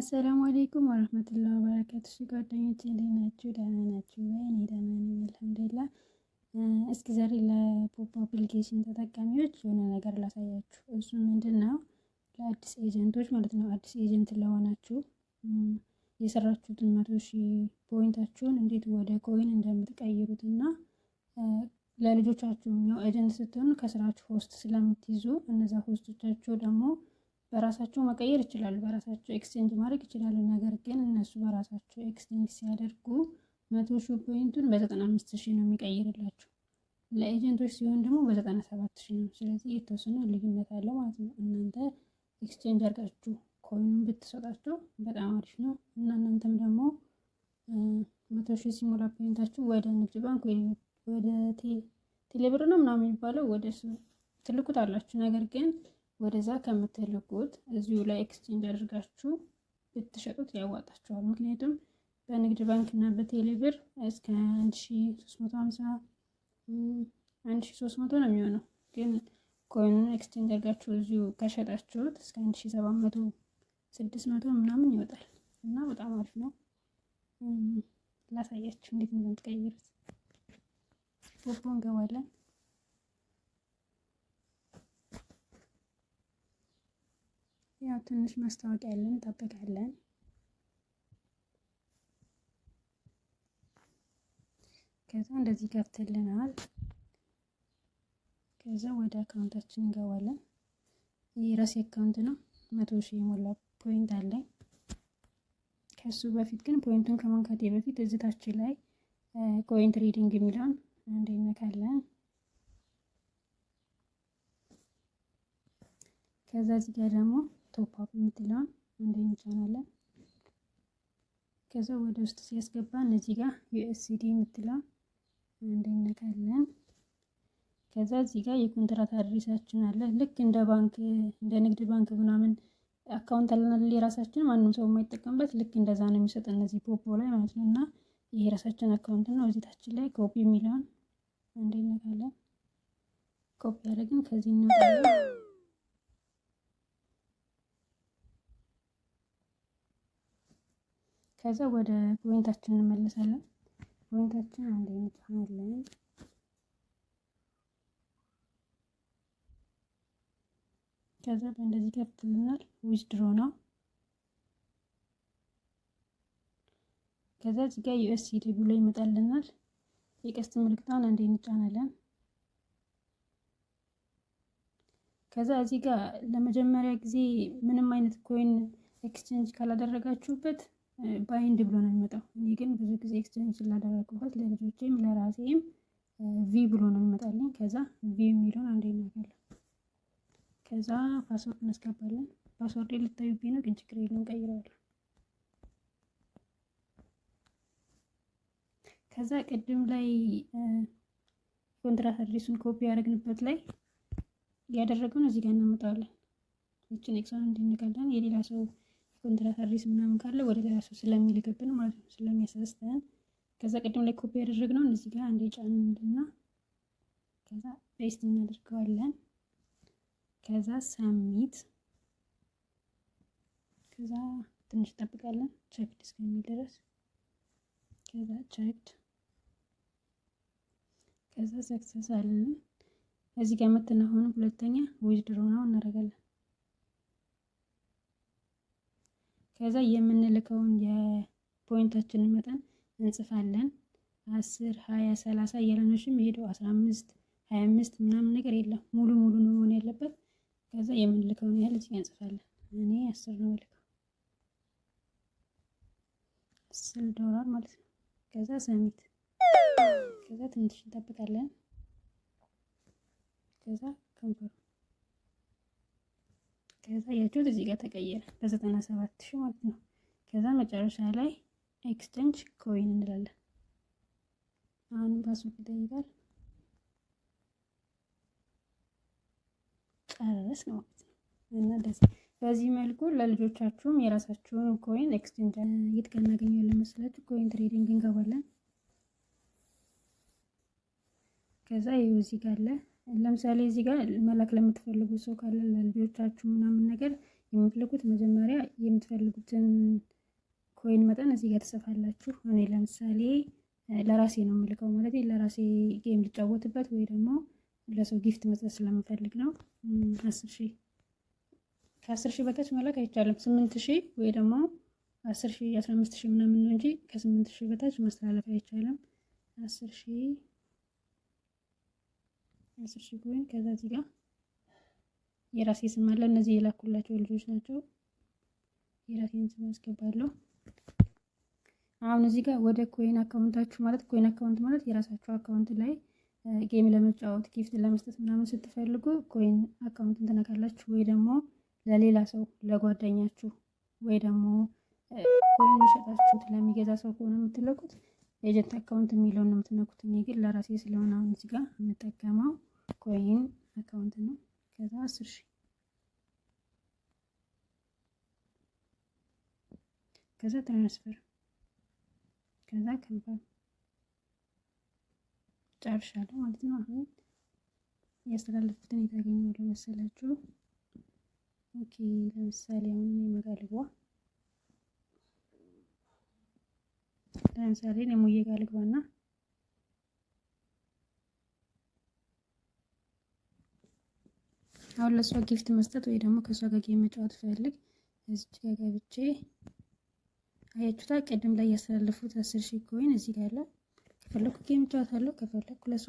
አሰላሙ አሌይኩም ወረህመቱላሂ ወበረካቱህ። ጓደኞቼ እንዴት ናችሁ? ደህና ናችሁ ወይ? እኔ ደህና ነኝ አልሐምዱሊላህ። እስኪ ዛሬ ለፖፕ አፕሊኬሽን ተጠቃሚዎች የሆነ ነገር ላሳያችሁ። እሱ ምንድን ነው? ለአዲስ ኤጀንቶች ማለት ነው። አዲስ ኤጀንት ለሆናችሁ የሰራችሁትን መቶ ሺህ ፖይንታችሁን እንዴት ወደ ኮይን እንደምትቀይሩት እና ለልጆቻችሁ ነው ኤጀንት ስትሆኑ ከስራችሁ ሆስት ስለምትይዙ እነዛ ሆስቶቻችሁ ደግሞ በራሳቸው መቀየር ይችላሉ፣ በራሳቸው ኤክስቼንጅ ማድረግ ይችላሉ። ነገር ግን እነሱ በራሳቸው ኤክስቼንጅ ሲያደርጉ መቶ ሺ ፖይንቱን በዘጠና አምስት ሺ ነው የሚቀይርላቸው። ለኤጀንቶች ሲሆን ደግሞ በዘጠና ሰባት ሺ ነው። ስለዚህ የተወሰነ ልዩነት አለ ማለት ነው። እናንተ ኤክስቼንጅ አድርጋችሁ ኮይኑን ብትሰጣቸው በጣም አሪፍ ነው እና እናንተም ደግሞ መቶ ሺ ሲሞላ ፖይንታችሁ ወደ ንግድ ባንክ ወደ ቴሌብር ነው ምናምን የሚባለው ወደ ትልቁት አላችሁ ነገር ግን ወደዛ ከምትልኩት እዚሁ ላይ ኤክስቼንጅ አድርጋችሁ ብትሸጡት ያዋጣችኋል። ምክንያቱም በንግድ ባንክ እና በቴሌ ብር እስከ 1350 ነው የሚሆነው። ግን ኮይኑን ኤክስቼንጅ አድርጋችሁ እዚሁ ከሸጣችሁት እስከ 1700 600 ምናምን ይወጣል እና በጣም አሪፍ ነው። ላሳያችሁ እንዴት እንደምትቀይሩት የምትቀይሩት። እንገባለን ያው ትንሽ ማስታወቂያ ያለን እንጠብቃለን። ከዛ እንደዚህ ገብትልናል። ከዛ ወደ አካውንታችን እንገባለን። ይህ ራሴ አካውንት ነው። መቶ ሺህ የሞላ ፖይንት አለኝ። ከሱ በፊት ግን ፖይንቱን ከመንካቴ በፊት እዝታችን ላይ ኮይን ሪዲንግ የሚለውን አንድ ከዛ እዚህ ጋር ደግሞ ቶፕ አፕ የምትለዋን አንደኛ እንጫናለን። ከዛ ወደ ውስጥ ሲያስገባ እነዚህ ጋር ዩኤስሲዲ የምትለዋን አንደኛ ነካለን። ከዛ እዚህ ጋር የኮንትራት አድሬሳችን አለ። ልክ እንደ ባንክ እንደ ንግድ ባንክ ምናምን አካውንት አለናል የራሳችን ማንም ሰው የማይጠቀምበት ልክ እንደዛ ነው የሚሰጥ እነዚህ ፖፖ ላይ ማለት ነው። እና ይሄ የራሳችን አካውንት ነው። እዚህ ታችን ላይ ኮፒ የሚለውን አንደኛ ነካለን። ኮፒ ያደረግን ከዚህ እናጣለን። ከዛ ወደ ፖይንታችን እንመለሳለን። ፖይንታችን አንድ አይነት ሆነልን። ከዛ በእንደዚህ ይቀጥልናል። ዊዝድሮ ነው። ከዛ እዚህ ጋር ዩኤስሲዲ ብሎ ይመጣልናል። የቀስት ምልክቷን አንዴ እንጫናለን። ከዛ እዚህ ጋር ለመጀመሪያ ጊዜ ምንም አይነት ኮይን ኤክስቼንጅ ካላደረጋችሁበት ባይንድ ብሎ ነው የሚመጣው። እኔ ግን ብዙ ጊዜ ኤክስቼንጅ ስላደረግኩበት ለልጆቼም ለራሴም ቪ ብሎ ነው የሚመጣልኝ። ከዛ ቪ የሚለውን አንዴ እናገለ ከዛ ፓስወርድ እናስገባለን። ፓስወርድ ልታዩብኝ ነው፣ ግን ችግር የለም ቀይረዋል። ከዛ ቅድም ላይ ኮንትራት አድሬሱን ኮፒ ያደረግንበት ላይ ያደረገውን እዚህ ጋር እናመጣዋለን። ይችን ኤክሳን እንድንቀለን የሌላ ሰው ኮንትራት አድሬስ ምናምን ካለ ወደ ራሱ ስለሚልክብን ማለት ነው ስለሚያስደስተን ከዛ ቅድም ላይ ኮፒ ያደረግነውን እዚህ ጋር አንዴ ጫን ከዛ ፔስት እናደርገዋለን። ከዛ ሳሚት ከዛ ትንሽ ጠብቃለን ቸክድ እስከሚል ድረስ ከዛ ቸክድ ከዛ ሰክሰስ አለን። እዚህ ጋር መተን አሁንም ሁለተኛ ነው እናደርጋለን። ከዛ የምንልከውን የፖይንታችንን መጠን እንጽፋለን። አስር ሀያ ሰላሳ እያለኖችም ሄደው አስራ አምስት ሀያ አምስት ምናምን ነገር የለም ሙሉ ሙሉ ነው መሆን ያለበት። ከዛ የምንልከውን ያህል እዚህ እንጽፋለን። እኔ አስር ነው ልከው አስር ዶላር ማለት ነው። ከዛ ሰሚት ከዛ ትንሽ እንጠብቃለን። ከዛ ከንፈሩ ከዛ ያችሁት እዚህ ጋር ተቀየረ በዘጠና 97 ሺ ማለት ነው። ከዛ መጨረሻ ላይ ኤክስቼንጅ ኮይን እንላለን። አሁን ፓስወርድ ይጠይቃል። ጨረስ ነው ማለት ነው። እና በዚህ መልኩ ለልጆቻችሁም የራሳችሁን ኮይን ኤክስቼንጅ የት ጋር እናገኘዋለን መስላችሁ? ኮይን ትሬዲንግ እንገባለን። ከዛ ይኸው እዚህ ጋር አለ ለምሳሌ እዚህ ጋር መላክ ለምትፈልጉ ሰው ካለ ለልጆቻችሁ ምናምን ነገር የምትልኩት መጀመሪያ የምትፈልጉትን ኮይን መጠን እዚህ ጋር ትጽፋላችሁ። እኔ ለምሳሌ ለራሴ ነው የምልከው ማለት ለራሴ ጌም ልጫወትበት ወይ ደግሞ ለሰው ጊፍት መስጠት ስለምፈልግ ነው። አስር ሺህ ከአስር ሺህ በታች መላክ አይቻልም። ስምንት ሺህ ወይ ደግሞ አስር ሺህ አስራ አምስት ሺህ ምናምን ነው እንጂ ከስምንት ሺህ በታች ማስተላለፍ አይቻልም። አስር ሺህ አስር ሺህ ኮይን ከዛ እዚህ ጋር የራሴ ስም አለ። እነዚህ የላኩላቸው ልጆች ናቸው። የራሴን ስም አስገባለሁ። አሁን እዚህ ጋር ወደ ኮይን አካውንታችሁ ማለት ኮይን አካውንት ማለት የራሳችሁ አካውንት ላይ ጌም ለመጫወት ጊፍት ለመስጠት ምናምን ስትፈልጉ ኮይን አካውንትን ትነካላችሁ። ወይ ደግሞ ለሌላ ሰው ለጓደኛችሁ ወይ ደግሞ ኮይን ሸጣችሁት ለሚገዛ ሰው ከሆነ የምትለቁት ኤጀንት አካውንት የሚለውን ነው የምትነኩት። እኔ ግን ለራሴ ስለሆነ አሁን እዚህ ጋር የምጠቀመው ኮይን አካውንት ነው። ከዛ አስር ሺ ከዛ ትራንስፈር ከዛ ከንፈር ጨርሻለሁ ማለት ነው። አሁን ያስተላለፍኩትን የታገኘው ለመሰላችሁ ኦኬ። ለምሳሌ አሁን የመጋልቧ ለምሳሌ እሙዬ ጋር ልግባና አሁን ለእሷ ጊፍት መስጠት ወይ ደግሞ ከእሷ ጋር ጌም መጫወት ፈልግ እዚች ጋር ገብቼ አያችሁታ። ቅድም ላይ ያስተላለፉት አስር ሺህ ኮይን እዚህ ጋር አለ። ከፈለኩ ጌም መጫወት እጫወታለሁ፣ ከፈለኩ ለእሷ